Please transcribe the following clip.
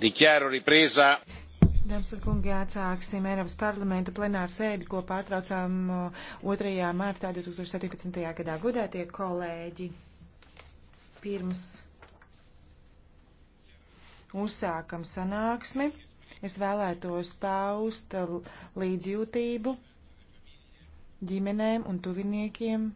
Dichiaro ripresa. Dāmas un kungi, atsāksim Eiropas parlamenta plenāru sēdi, ko pārtraucām 2. Uh, martā 2017. gadā. Gudētie kolēģi, pirms uzsākam sanāksmi, es vēlētos paust līdzjūtību ģimenēm un tuviniekiem